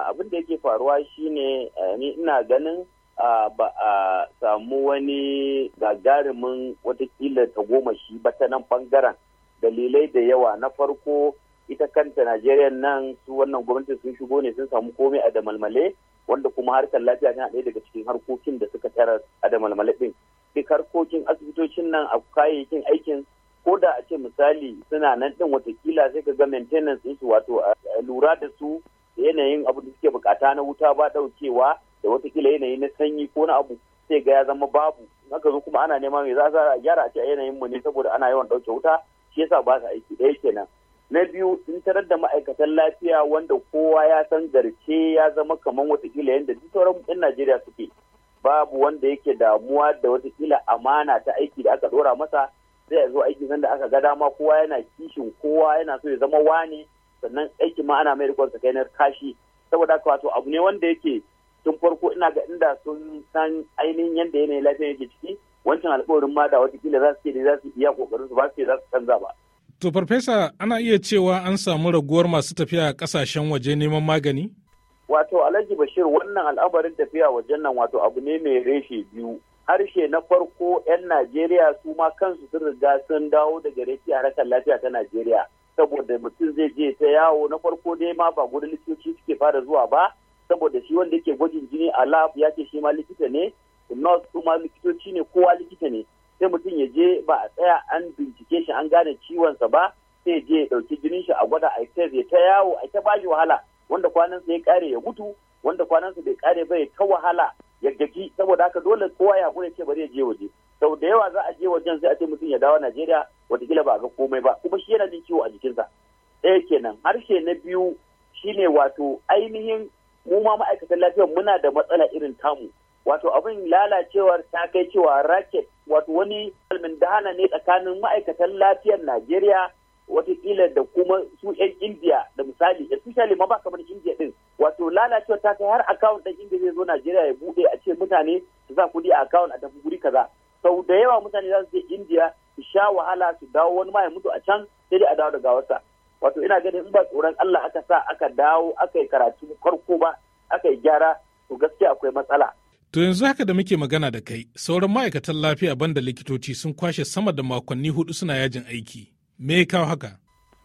abin da yake faruwa shine eh, ni ina ganin ba a samu wani gagarumin watakila ta goma shi ba ta nan bangaren dalilai da yawa na farko ita kanta najeriya nan su wannan gwamnati sun shigo ne sun samu komai a damalmale wanda kuma harkar lafiya na ɗaya daga cikin harkokin da suka tara a damalmale ɗin duk harkokin asibitocin nan a kayayyakin aikin ko da a ce misali suna nan ɗin watakila sai ka ga maintenance su wato lura da su yanayin abu da suke bukata na wuta ba daukewa da watakila yanayi na sanyi ko na abu sai ga ya zama babu haka zo kuma ana nema mai za a gyara a ce yanayin mu ne saboda ana yawan dauke wuta shi yasa ba su aiki ɗaya nan na biyu in tarar da ma'aikatan lafiya wanda kowa ya san garce ya zama kamar watakila yadda duk sauran 'yan najeriya suke babu wanda yake damuwa da watakila amana ta aiki da aka dora masa sai ya zo aiki sanda aka ga dama kowa yana kishin kowa yana so ya zama wane sannan aikin ma ana mai rikon sakainar kashi saboda haka wato abu ne wanda yake tun farko ina ga inda sun san ainihin yadda yanayi lafiya yake ciki wancan alkawarin ma da kila za su ke da za su iya kokarin su ba su ke za su canza ba. To farfesa ana iya cewa an samu raguwar masu tafiya a kasashen waje neman magani? Wato Alhaji Bashir wannan al'amarin tafiya wajen nan wato abu ne mai reshe biyu. Harshe na farko 'yan Najeriya su ma kansu sun riga sun dawo daga reshe harkar lafiya ta Najeriya. saboda mutum zai je ta yawo na farko dai ma ba gudun likitoci suke fara zuwa ba saboda shi wanda yake gwajin jini a lab ya ce shi ma likita ne nurse kuma likitoci ne kowa likita ne sai mutum ya je ba a tsaya an bincike shi an gane ciwonsa ba sai je ya ɗauki jinin shi a gwada a zai ta yawo a ita bashi wahala wanda kwanan kwanansa ya kare ya mutu wanda kwanan kwanansa bai kare ba ya ta wahala ya gaji saboda haka dole kowa ya ya ce bari ya je waje sau da yawa za a je wajen sai a ce mutum ya dawo Najeriya watakila ba ga komai ba kuma shi yana jin ciwo a jikinsa ɗaya kenan harshe na biyu shine wato ainihin mu ma ma'aikatan lafiyar muna da matsala irin tamu wato abin lalacewar ta kai cewa racket wato wani almin dahana ne tsakanin ma'aikatan lafiyar najeriya watakila da kuma su 'yan indiya da misali especially ma ba kamar indiya din wato lalacewar ta kai har akawun ɗan indiya zai zo najeriya ya buɗe a ce mutane su za kuɗi a akawun a tafi guri kaza sau da yawa mutane za su je indiya su sha wahala su dawo wani ma ya mutu a can sai dai a dawo da gawarsa wato ina ganin in ba tsoron Allah aka sa aka dawo aka yi karatu farko ba aka yi gyara to gaskiya akwai matsala To yanzu haka da muke magana da kai, sauran ma'aikatan lafiya banda likitoci sun kwashe sama da makonni hudu suna yajin aiki. Me ya kawo haka?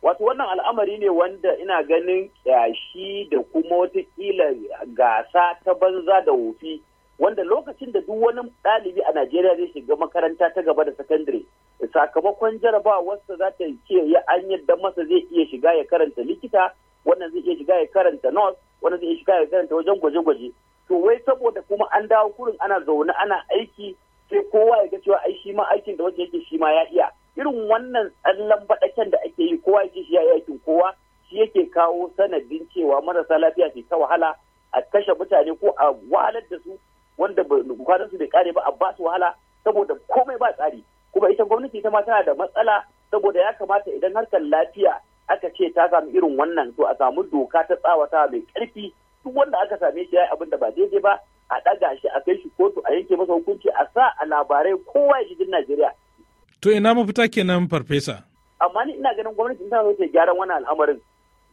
Wato wannan al'amari ne wanda ina ganin kyashi da kuma wata watakila gasa ta banza da wofi wanda lokacin da duk wani ɗalibi a Najeriya zai shiga makaranta ta gaba da sakandare sakamakon jarabawarsa za ta ce ya an yadda masa zai iya shiga ya karanta likita wannan zai iya shiga ya karanta nurse wannan zai iya shiga ya karanta wajen gwaje-gwaje to wai saboda kuma an dawo kurin ana zaune ana aiki sai kowa ya ga cewa ai shi ma aikin da wanda yake shi ma ya iya irin wannan tsallan baɗaken da ake yi kowa ce shi ya yi aikin kowa shi yake kawo sanadin cewa marasa lafiya ke ta wahala a kashe mutane ko a wahalar da su kwanansu bai kare ba a ba wahala saboda komai ba tsari kuma ita gwamnati ita ma tana da matsala saboda ya kamata idan harkar lafiya aka ce ta samu irin wannan to a samu doka ta tsawata mai karfi duk wanda aka same shi ya yi abin da ba daidai ba a ɗaga shi a kai shi kotu a yanke masa hukunci a sa a labarai kowa ya jijin Najeriya. To ina mafita kenan farfesa. Amma ni ina ganin gwamnati ina so ta gyaran wannan al'amarin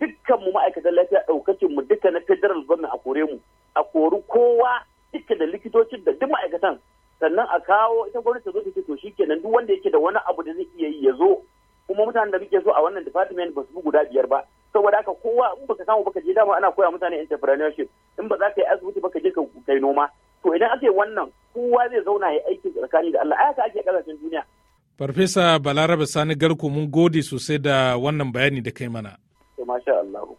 dukkanmu ma'aikatan lafiya ɗaukacin mu duka na federal government a kore mu a kori kowa ike da likitocin da duk ma'aikatan sannan a kawo ita gwamnati ta zo ta ce to shikenan duk wanda yake da wani abu da zai iya yi ya zo kuma mutanen da muke so a wannan department ba su bi guda biyar ba saboda haka kowa in baka samu baka je dama ana koya mutane entrepreneurship in ba za ka yi asibiti baka je ka kai noma to idan aka wannan kowa zai zauna ya aiki tsakani da Allah aka ake kasashen duniya Farfesa Balarabe Sani Garko mun gode sosai da wannan bayani da kai mana. Masha Allah.